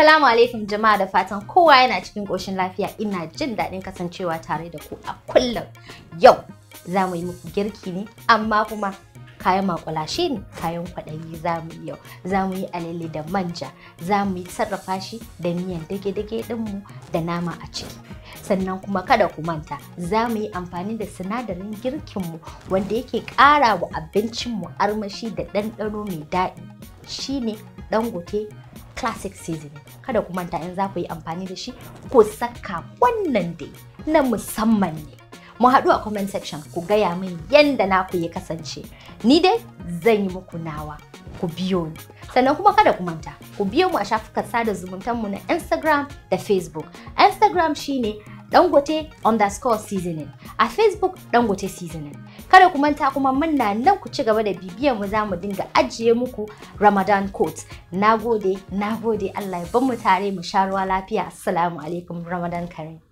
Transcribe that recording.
Assalamu alaikum jama'a da fatan kowa yana cikin ƙoshin lafiya ina jin daɗin kasancewa tare da ku a kullum. Yau za mu yi muku girki ne amma kuma kayan makulashe ne kayan kwaɗayi za mu yi yau za mu yi alele da manja za mu yi sarrafa shi da miyan dage-dage ɗinmu da nama a ciki sannan kuma kada ku manta za mu yi amfani da sinadarin girkinmu wanda yake ƙara wa abincinmu armashi da ɗanɗano mai daɗi shine dangote classic seasoning kada ku manta in za ku yi amfani da shi ku saka wannan dai na musamman ne mu haɗu a comment section ku gaya min yanda na ku yi kasance ni dai zan yi muku nawa ku biyo ni sannan kuma kada ku manta ku biyo mu a shafukan sada zumuntan mu na instagram da facebook instagram shine dangote underscore seasoning a Facebook Dangote Seasoning. Kada ku manta kuma munna nan ku ci gaba da bibiyar mu za mu dinga ajiye muku Ramadan quotes. Nagode, nagode Allah ya mu tare mu sha ruwa lafiya. Assalamu alaikum Ramadan Karim.